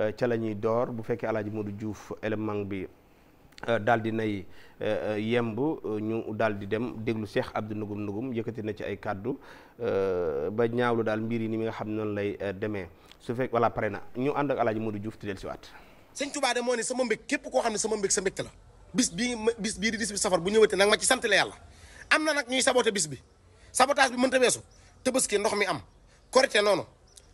Euh, ca la ñuy door bu fekkee alaaji du juuf élément bi euh, daal di nay euh, yemb ñu daal di dem déglu seex Cheikh Abdou Nugum Nugum yëkkati na ci ay kàddu ba ñaawlu daal mbir yi ni mi nga xam noonu lay demee su fekk voilà pare na ñu ànd ak alaaji Modou Diouf ti del si waat sëñ Tuubaa de moo ne sama mbég képp koo xam ne sama mbég sa mbégte la bis bii bis bii di dis bi safar bu ñëwatee nag ma ci sant la yàlla am na nag ñuy saboté bis bi sabotage bi mënta weesu tëbaski ndox mi am korité noonu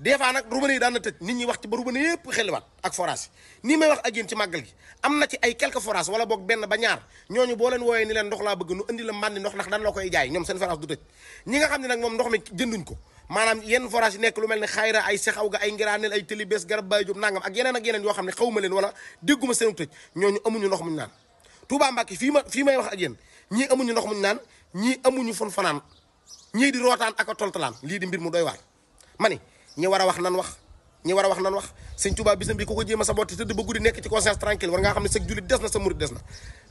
des fois nag robinet yi daan na tëj nit ñi wax ci ba robinet yëpp xeliwaat ak forage nii may wax ak ci màggal gi am na ci ay quelques forage wala boog benn ba ñaar ñooñu boo leen wooyee ni leen ndox laa bëgg nu indi la mbàndi ndox ndax dan la koy jaay ñoom seen forage du tëj ñi nga xam ne nag moom ndox mi jënduñ ko maanaam yenn forage yi nekk lu mel ne xayra ay sexaw ga ay ngiraaneel ay tëli bees garab bayi jób nangam ak yeneen ak yeneen yoo xam ne xawma leen wala dégguma seenu tëj ñooñu amuñu ndox muñ naan Touba Mbacké fii ma fii may wax ak yéen ñii amuñu ndox muñ naan ñii amuñu fon fanaan ñii di rootaan ak a toltalaan lii di mbir mu doy ma ni ñi war a wax nan wax ñi war a wax nan wax sëñ Tuubaa bisam bi ku ko jéem a sabooti tëdd ba guddi nekk ci conscience tranquille war ngaa xam ne sa jullit des na sa murit des na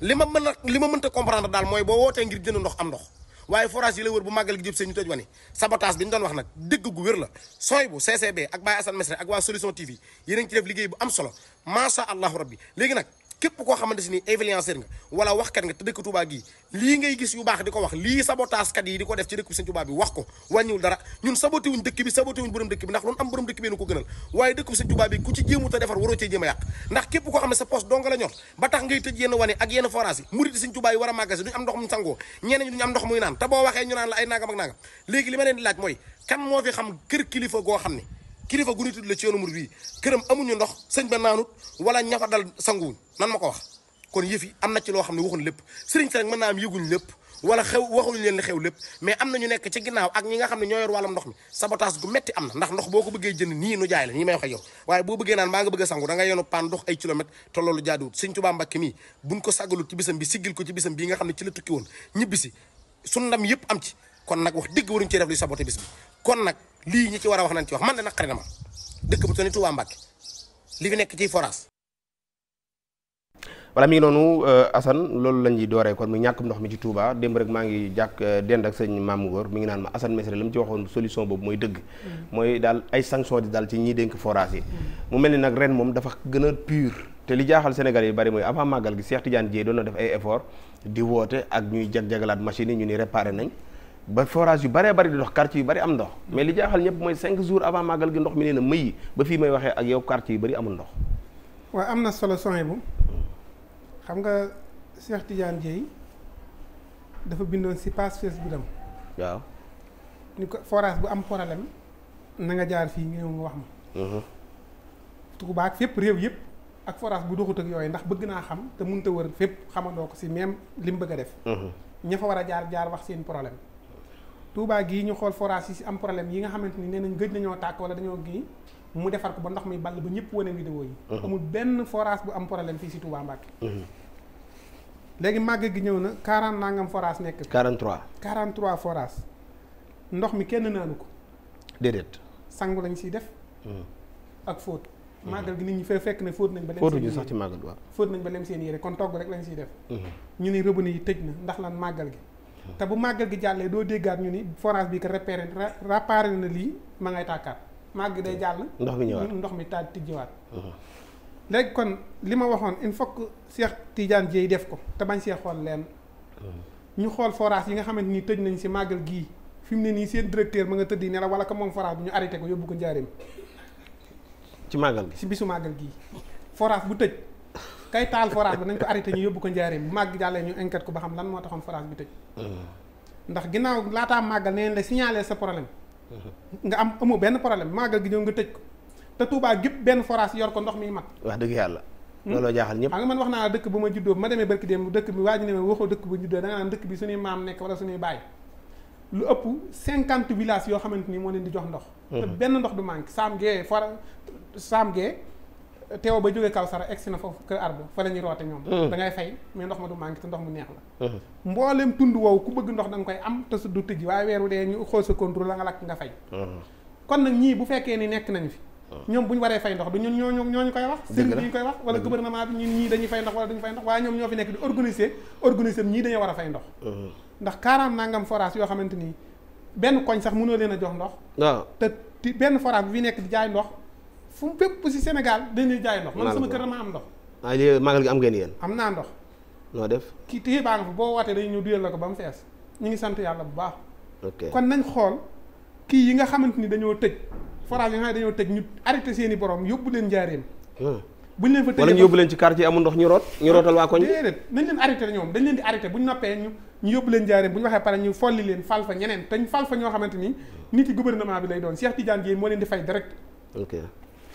li ma mën a li comprendre daal mooy boo wootee ngir jënd ndox am ndox waaye forage yi la wër bu màggal gi jëp seen ñu tëj wane sabotage bi ñu doon wax nag dëgg gu la sooy bu CCB ak Baye Assane Mesre ak waa Solution TV yéen ngi ci def liggéey bu am solo macha allahu rabbi léegi nag képp koo xamante si ni influenceur nga wala waxkat nga te dëkk Touba gii lii ngay gis yu baax di ko wax lii sabotage kat yi di ko def ci dëkk bi sëñ Touba bi wax ko wàññiwul dara ñun saboté dëkk bi saboté wuñ borom dëkk bi ndax loolu am borom dëkk bi nu ko gënal waaye dëkk bi sëñ Touba bi ku defar waroo cee jéem a yàq ndax képp koo xam ne sa poste dong la ñor ba tax ngay tëj yenn wane ak yenn forage yi murid sëñ yi war a màggasi duñu am ndox muñ sangoo ñeneen ñu am ndox muy naan te boo waxee ñu naan la ay nangam ak nangam léegi li ma leen di laaj mooy kan moo fi xam kër kilifa goo xam ne kilifa gu la ci yoonu murid bi këram amuñu ndox sëñ ba naanut wala ña fa dal sanguwuñ nan ma ko wax kon yëf yi am na ci loo xam ne waxuñ lépp sëriñ si rek lépp wala xew waxuñ leen li xew lépp mais am nekk ci ginnaaw ak ñi nga xam ne ñoo yor wàllum ndox mi sabotage gu metti am na ndax ndox boo ko bëggee jënd nii nu jaay la ñi may wax ak yow waaye boo bëggee naan maa nga bëgg a sangu da nga yoonu paan dox ay kilomètre te loolu jaaduwut sëñ Tuubaa Mbàkke mii buñ ko sàggalut ci bisam bi siggil ko ci bisam bi nga xam ne ci la tukki woon ñibbisi su ndam yëpp am ci kon nag wax dëgg waruñu ci def luy saboté bis bi kon lii ñi ci war a wax nañ ci wax man de naqari na ma dëkk bu toni Touba Mbacke li fi nekk ci forage. voilà mi ngi noonu euh, Assane loolu la ñuy dooree kon mu ñàkkum ndox mi ci Touba démb rek maa ngi jàkk euh, dend ak sëñ Maam Góor mi ngi naan ma Assane Mesere la mu ci waxoon solution boobu mooy dëgg mm. mooy daal ay sanction di daal ci ñi dénk forage yi mm. mu mel ni nag ren moom dafa gën a pur te li jaaxal Sénégal yi bari mooy avant màggal gi Cheikh Tidiane Dièye doon na def di woote ak ñuy jag-jagalaat machine yi ñu ni réparé nañ ba forage yu baree bari di dox quartier yu bari am ndox mm. mais li jaaxal ñëpp mooy cinq jours avant màggal gi ndox mi nee na mëyi ba fii may waxee ak yow quartier yu bari amul ndox waaye am na solo sony bu xam nga Cheikh Tidiane Dieye dafa bindoon si page Facebook am waaw ni ko forage bu am problème na nga jaar fii nga ñëw nga wax ma mm-hmm. Touba fépp réew yëpp ak forage bu doxut ak yooyu ndax bëgg naa xam te mënut a wër fépp xamandoo ko si même li mu bëgg a def mm-hmm. ña fa war a jaar jaar wax seen problème Touba gii ñu xool forage yi si am problème yi nga xamante ni nee nañ gëj nañoo tàkk wala dañoo gii mu defar ko ba ndox mi ball ba ñëpp wane vidéo yi mhm. amul benn forage bu am problème fii si Touba Mbacke mhm. léegi màgg gi ñëw na quarante nangam forage nekk 43 43 forage ndox mi kenn naanu ko déedéet sangu lañu siy def mhm. ak fóot màggal gi nit ñi fa fekk ne fóot nañ ba leen sax ci màggal waaw fóot nañ ba leen seen yére kon togg rek lañ siy def ñu ne robinet yi tëj na ndax lan màggal gi te bu màggal gi jàllee doo déggaat ñu ni forage bi ko repéré réparé na lii ma ngay tàkkaat màgg day mm. jàll. ndox mi ñëwaat mm, ndox mi taal tijjiwaat. Mm-hmm. léegi kon li ma waxoon il faut que Cheikh Tidiane Dieye def ko te bañ see xool leen. Mm-hmm. ñu xool forage yi nga xamante ni tëj nañ si màggal gii fi mu ne nii seen directeur ma nga tëdd ne la wala que moom forage bu ñu arrêté ko yóbbu ko njaareem. ci màggal gi si bisu màggal gii forage bu tëj. kay taal forage bi nañ ko arrêté ñu yóbbu ko njaareem bu màgg jàllee ñu enquête ko ba xam lan moo taxoon forage bi tëj mm-hmm. ndax ginnaaw laataa màggal neen la signalé sa problème mm-hmm. nga am amu benn problème màggal gi ñëw nga tëj ko te Touba gépp benn forage yor ko ndox miy mat wax dëgg yàlla hmm? looloo jaaxal ñëpp xam nga man wax naa dëkk bu ma juddoo bu ma demee barki démb dëkk bi waa ji ne ma waxoo dëkk bu juddoo da nga naan dëkk bi suñuy maam nekk wala suñuy lu ëpp cinquante villages yoo xamante ni moo leen di jox ndox mm-hmm. benn ndox du manque saam gee saam gee teew ba jógee Kawsara egsi na foofu kër Ardo fa la ñuy roote ñoom. Mm. da ngay fay mais ndox ma du manqué te ndox mu neex la. Mm-hmm. mboolem tund wow ku bëgg ndox da koy am te su du tëj waaye weer wu dee ñu xool sa contrôle la nga lakk nga fay. Mm-hmm. kon nag ñii bu fekkee ni nekk nañu fi. Mm-hmm. ñoom bu ñu waree fay ndox du ñu ñooñu ñooñu koy wax sëriñ ñu koy wax wala gouvernement bi ñun ñii dañuy fay ndox wala duñu fay ndox waaye ñoom ñoo fi nekk di organiser organiser ñii dañoo war a fay ndox ndax quarante forage yoo xamante nii benn koñ sax mënoo leen a jox ndox waaw ah. te benn forage bi nekk jaay ndox fu mu fépp si Sénégal dañuy jaay ndox man sama kër dama am ndox ah léegi màggal gi am ngeen yéen am naa ndox noo def kii téye baa nga fa boo wootee dañu ñu duyal la ko ba mu fees ñu ngi sant yàlla bu baax ok kon nañ xool kii yi nga xamante ni dañoo tëj forage yi nga xam ne dañoo tëj ñu arrêté seen i borom yóbbu leen njaareem hmm. buñ leen fa tëjee wala ñu yóbbu leen ci quartier amul ndox ñu root ñu rootal waa koñ déedéet nañ leen arrêté ñoom dañ leen di arrêté buñ noppee ñu ñu yóbbu leen njaareem bu ñu waxee pare ñu folli leen fal fa ñeneen te ñu fal fa ñoo xamante ni nit yi gouvernement bi lay doon Cheikh Tidiane Dièye moo leen di fay direct ok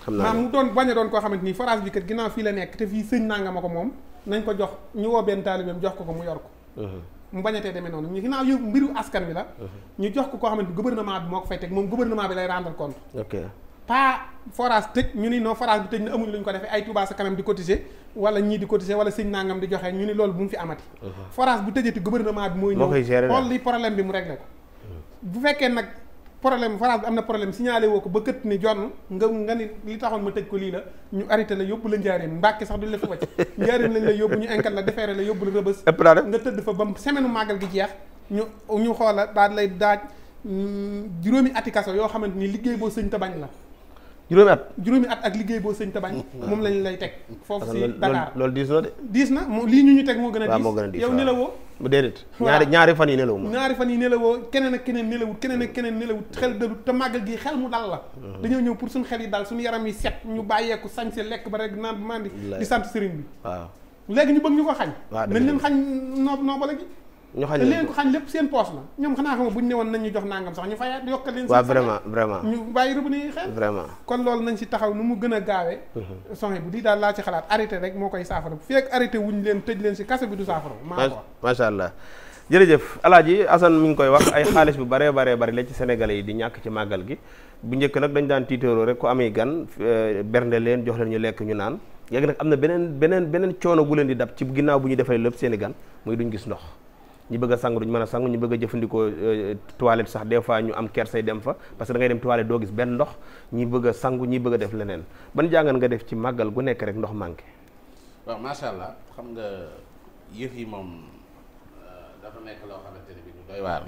xam naa mu doon bañ a doon koo xamante ni forage bi kat ginnaaw fii la nekk te fii sëñ nangama ko moom nañ ko jox ñu woo benn taalibeem jox ko ko mu yor ko uh-huh. mu bañatee demee noonu ñu la uh-huh. jox ko koo xamante ni gouvernement bi moo ko fay moom gouvernement bi lay rendre compte ok pas forage tëj ko defee ay Touba ça quand di cotiser wala ñii di joxe ñu ni loolu bu mu fi amati uh-huh. forage bu tëjati gouvernement bi mooy ñëw xool li problème bi mu réglé ko bu fekkee nag problème Fara bi am na problème signalé woo ko ba kët ni jonn nga nga ni li taxoon ma tëj ko lii la ñu arrêté la yóbbu la njaareem Mbàkke sax duñ la fi wàcc njaareem lañ la yóbbu ñu enquête la defeere la yóbbu la rëbës nga tëdd fa ba semaine màggal gi jeex ñu ñu xoola daal lay daaj mm, juróomi ati yoo xamante ni liggéey boo sëñ ta bañ la juróomi at juróomi at ak liggéey boo sëñ tabañ mm-hmm. moom lañ lay teg foofu si Dakar loolu diis na de diis na moo lii ñu ñu teg moo gën a diis yow nelawoo déedéet ñaari ñaari fan yi nelawoo ñaari fan yi nelawoo keneen ak keneen nelawut keneen ak keneen nelawut xel dalut te màggal gi xel mu dal la mm-hmm. dañoo ñëw pour suñu xel yi dal suñu yaram yi set ñu bàyyeeku sañse lekk ba rek naan mandi di sant sëriñ bi waaw léegi ñu bëgg ñu ko ñu xañ leen ko xañ lépp seen poos la ñoom xanaa xam ñu jox nangam sax ñu fayaat yokkal leen waaw vraiment vraiment ñu bàyyi rëbb ni xel kon loolu nañ si taxaw nu mu gën a gaawee mhm. soxna bu di daal laa ci xalaat arrêté rek moo koy saafara bu fekk arrêté wuñ leen tëj leen si kase bi du saafara maa ko macha allah jërëjëf alaaji Assane mi ngi koy wax ay xaalis bu baree baree bari la ci sénégalais yi di ñàkk ci màggal gi bu njëkk nag dañ daan tiitooro rek ku amee gan eh, bernde leen jox leen ñu lekk ñu naan léegi nag am na beneen beneen beneen coono gu leen di dab ci ginnaaw bu ñu defalee lépp seeni gan muy duñ gis ndox ñi bëgg a sangu ñu mën a sangu ñu bëgg a jëfandikoo euh, toilette sax des fois ñu am kersay dem fa parce que da ngay dem toilette doo gis benn ndox ñi bëgg a sangu ñi bëgg a def leneen ban jàngat nga def ci màggal gu nekk rek ndox manqué. waaw allah xam nga yëf yi moom euh, dafa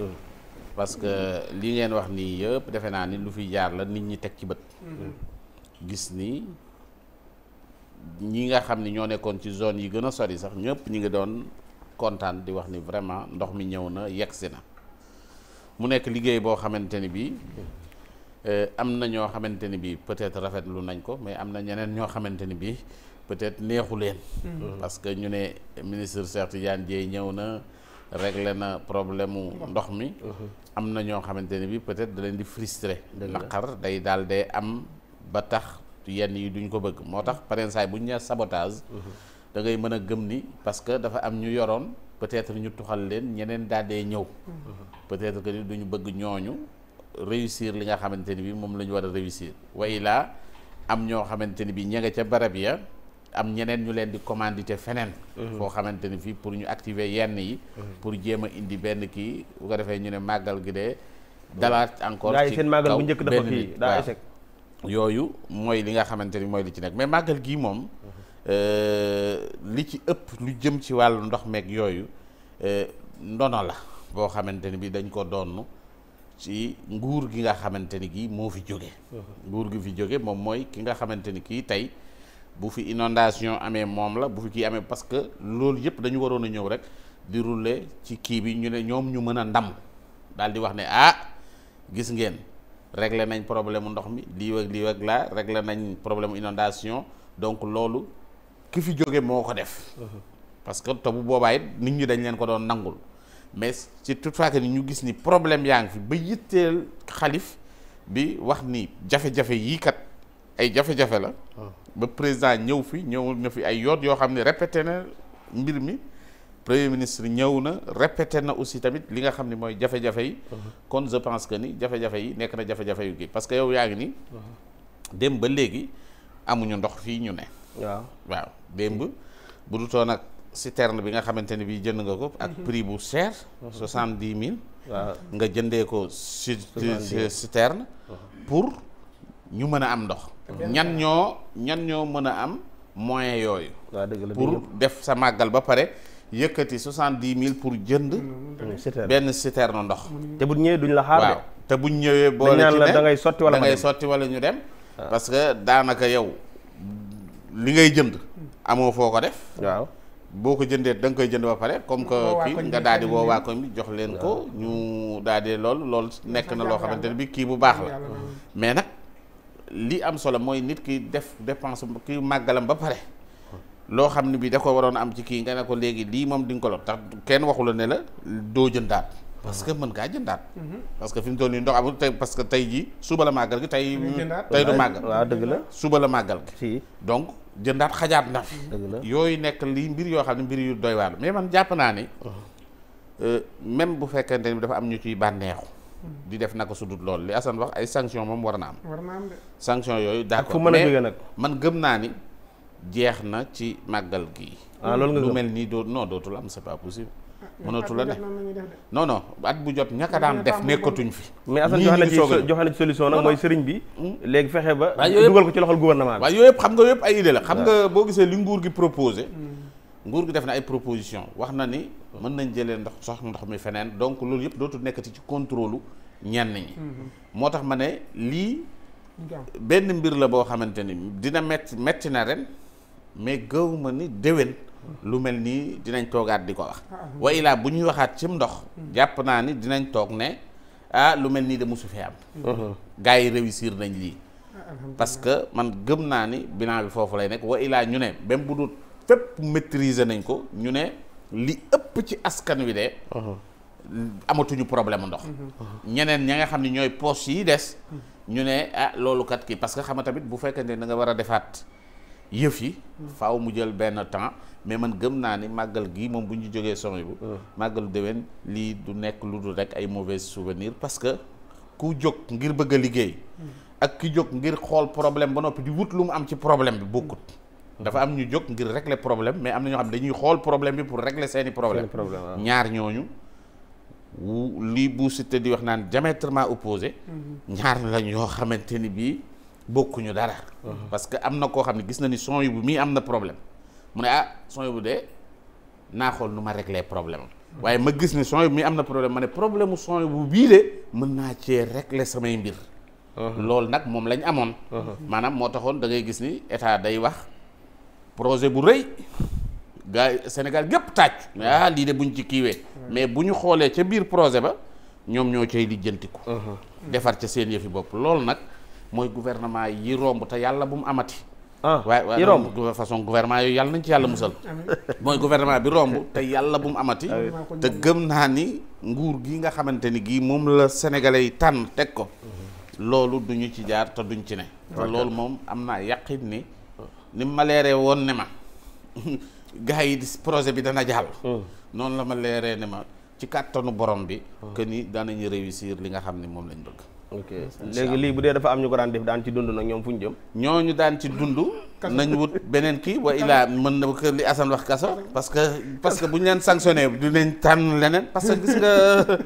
hmm. que li ngeen wax nii yëpp defe naa ni lu fi jaar la nit ñi teg ci bët. Hmm. gis ni. ñi nga xam ni ñoo nekkoon ci zone yi gën a sori sax ñëpp ñu ngi doon kontaan di wax ni vraiment ndox mi ñëw na yegsi na mu nekk liggéey boo xamante ni bii eh, am na ñoo xamante ni bii peut-être rafetlu nañ ko mais am na ñeneen ñoo xamante ni bii peut-être neexu leen. Mm-hmm. parce que ñu ne ministre Cheikh Tidiane Dièye ñëw na réglé na problème mu ndox mi. Mm-hmm. am na ñoo xamante ni bii peut-être da leen di frustré. naqar day daal day am ba tax yenn yi duñ ko bëgg moo tax parrainage bu ñu nee sabotage. Mm-hmm. da ngay mën a gëm ni parce que dafa am ñu yoroon peut-être ñu tuxal leen ñeneen daal dee ñëw. peut-être que duñu bëgg ñooñu réussir li nga xamante ni bi moom la ñu war a réussir. way am ñoo xamante ni bi ña nga ca barab ya am ñeneen ñu leen di commandité feneen. Mhm. foo xamante ni fii pour ñu activer yenn yi. Mhm. pour jéem a indi benn kii bu ko defee ñu ne màggal gi de. dalaat encore ci seen màggal bu njëkk dafa kii daa yooyu mooy li nga xamante ni mooy li ci nekk mais màggal gii moom. Mhm. Euh, li ci ëpp lu jëm ci wàll ndox meeg yooyu euh, ndono la boo xamante ni bi dañ ko donn ci nguur gi nga xamante ni gi moo fi jóge uh-huh. nguur gi fi jóge moom mooy ki nga xamante ni kii tey bu fi inondation amee moom la bu fi kii amee parce que loolu yëpp dañu waroon a ñëw rek di rouler ci kii bi ñu ne ñoom ñu mën a ndam daal di wax ne ah gis ngeen régle nañ problème ndox mi lii wag lii wag laa réglé nañ problème inondation donc loolu ki fi jóge moo ko def. parce que te bu boobaa it nit ñi dañ leen ko doon nangul mais ci toute fois que ni ñu gis ni problème yaa ngi fi ba yitteel xalif bi wax ni jafe-jafe yii kat ay jafe-jafe la. ba président ñëw fi ñëw na fi ay yoon yoo xam ne répété na mbir mi. premier ministre ñëw na répété na aussi tamit li nga xam ne mooy jafe-jafe yi. kon je pense que ni jafe-jafe yi nekk na jafe-jafe yu kii parce que yow yaa ngi ni. Uh-huh. dém ba léegi amuñu ndox fii ñu ne. waaw waaw démb bu dutoon ak citerne bi nga xamante ne bii jënd nga ko. ak mhm. prix bu cher. Mhm. soixante dix mille. nga jëndee ko stern mhm. pour ñu mën a am ndox. ñan ñoo ñan ñoo mën a am moyen yooyu. pour def sa màggal ba pare yëkkati soixante dix mille pour jënd. benn citerne ndox. te bu ñëwee duñ la xaar waaw te buñ ñëwee. boole ci ne da ngay sotti wala ñu dem. Ah. parce que daanaka yow. li ngay jënd amoo foo ko def waaw boo ko jëndee danga koy jënd ba pare comme que kii nga daal di woo jox leen ko ñu daal lool lool nekk na loo xamante ne bi kii bu baax la mais nag li am solo mooy nit ki def dépense ki màggalam ba pare loo xam ne bi da ko waroon am ci kii nga ne ko léegi lii moom di ko lor tax kenn waxu la ne la doo jëndaat parce que mën ngaa jëndaat. Mhm. parce que fi mu toll nii ndox amul tey parce que tey jii suba la màggal gi tey. tey du màggal la suba la màggal gi. donc jëndaat xajaat na fi. dëgg la yooyu nekk lii mbir yoo xam ne mbir yu doy waar mais man jàpp naa ni. Oh. Euh, même bu fekkente ni dafa am ñu ciy bànneexu. Mhm. di def su sudut lool li Assane wax ay sanction moom war na am. war yooyu am de. sanction yooyu d'accord mais man gëm naa ni jeex na ci màggal gi. Ah, loolu nga lu mel nii doo non dootul am c'est pas possible. mënatu la de non non at bu jot ñaka daan def nekkatuñ fi mais Assane joxe na ci joxe na ci solution nag mooy sëriñ bi hmm. léegi fexe ba dugal ko ci loxol gouvernement bi waaw yooyu yëpp xam nga yëpp ay idée la xam hmm. nga boo gisee li nguur gi proposé hmm. nguur gi def na ay proposition wax na ni mën nañ jëlee ndox sox ndox mi feneen donc loolu yëpp dootul nekkati ci contrôle ñenn ñi moo tax ma ne lii benn mbir la boo xamante ni dina metti metti na ren mais gëw ma ni déwén lu mel nii dinañ toogaat di ko wax wa bu ñuy waxaat cim ndox jàpp naa ni dinañ toog ne ah lu mel nii de mosu fee am mhm. gars yi réussir nañ lii parce que man gëm naa ni bilan bi foofu lay nekk wa ilaa ñu ne même bu dul fépp maîtriser nañ ko ñu ne li ëpp ci askan wi de mhm. amatuñu problème ndox mhm. ñeneen ña nga xam ne ñooy poche yi des ñu ne ah loolu kat ki parce que xam nga tamit bu fekkee ne da nga war a defaat yëf yi faw mu jël benn temps mais man gëm naa ni màggal gi moom bu ñu jógee sony bu mm. màggalu déwén lii du nekk lu dul rek ay mauvais souvenir parce que ku jóg ngir bëgg a liggéey mm. ak ki jóg ngir xool problème ba noppi di wut lu mu am ci problème bi bokkut mm. dafa am jóg ngir régler problème mais am na xam ne dañuy xool bi pour régler seeni problème ñaar ñooñu lii bu Siteu di wax naan diamétralement opposé mm-hmm. ñaar la ñoo xamante ni bii bokkuñu dara mm-hmm. parce que am na koo xam ne gis na ni son yu bu mii am na problème mu ne ah sooy bu dee naa xool nu ma régler problème am waaye ma gis ne sooy mi am na problème ma ne problème mu sooy bu bii de mën naa cee régler samay mbir. Uh-huh. loolu nag moom lañ amoon. Uh-huh. maanaam moo taxoon da ngay gis ni état day wax projet bu rëy gars Sénégal gépp tàcc. ah lii de buñ ci kiiwee. Uh-huh. mais bu ñu xoolee ca biir projet ba ñoom ñoo cay lijjantiku. defar ca seen yëfi bopp loolu nag mooy gouvernement yi romb te yàlla bu mu amati. ah yi romb waaw façon gouvernement yooyu yàlla nañ ci yàlla musal. mooy gouvernement bi romb te yàlla bu mu amati. Ah te gëm naa ni nguur gi nga xamante ni gii moom la sénégalais yi tànn teg ko. loolu du ñu ci jaar te duñ ci ne. te loolu moom am naa yàqin ni ni ma leeree woon ne ma gars yi projet bi dana jàll. Hmm. noonu la ma leeree ne ma. ci kàttanu borom bi que ni daanañu réussir li nga xam ne moom lañ bëgg ok léegi lii bu dee dafa am ñu ko daan def daan ci dund nag ñoom fu ñu jëm ñu daan ci dund nañ wut beneen kii wa ilaa mën na kër li wax kaso parce que parce que bu ñu leen sanctionné du leen tànn leneen parce que gis nga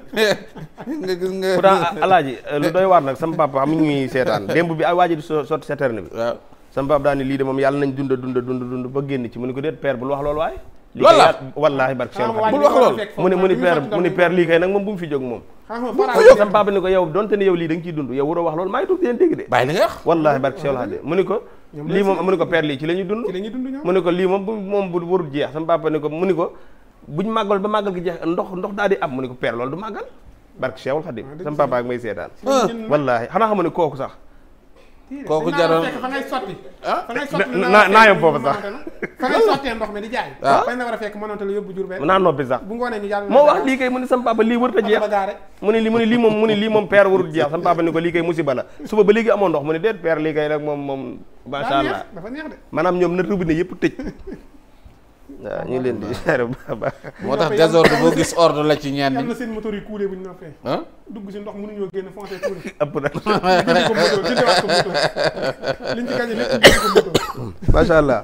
nga gis nga pourtant ah, alaaji euh, lu doy waar nag sama papa amuñ bi ay waaji di sotti saterne waaw sama papa daan lii de moom yàlla nañ dunda dunda dund dund ba génn ci mu ne ko déet père bul wax loolu waaye walla wallaahi barke Cheikh Khadim bul wax loolu mu ne mu ni père mu ni père lii kay nag moom bu mu fi jóg moom bu ko ni ko yow donte ne yow lii da nga ciy dund yow wax loolu maa ngi toog dégg de li nga wax wallaahi barke Cheikh Khadim mu ni ko lii moom la ñuy dund mu ni ko lii moom bu moom bu warul jeex sam ni ko mu ni ko buñ màggal ba màggal gi jeex ndox ndox daal di am mu ni ko père loolu du màggal barke Cheikh Khadim ah, sam papa ak may seetaan ah. wallaahi xanaa xam ne kooku sax kooku jaroon fa ngay sotti ah. fa ngay sotti naa naa yóbbu boobu sax fa ngay sottee ndox mi di jaay la ah. a fekk naa noppi sax moo wax lii kay mu ne sama lii warut a jeex mu ne lii mu ne lii moom mu ne lii moom père warut jeex sama ni ko lii kay musiba la suba ba léegi amoon ndox mu ne déet père lii kay rek moom moom macha allah dafa neex de na robinet tëj waaw ñu leen di ziare bu baax moo tax désordre boo gis ordre la ci ñenn. seen moteur yi kuule bu ñu noppee. dugg si ndox mënuñoo génn foncé kuule. ëpp na liñ allah.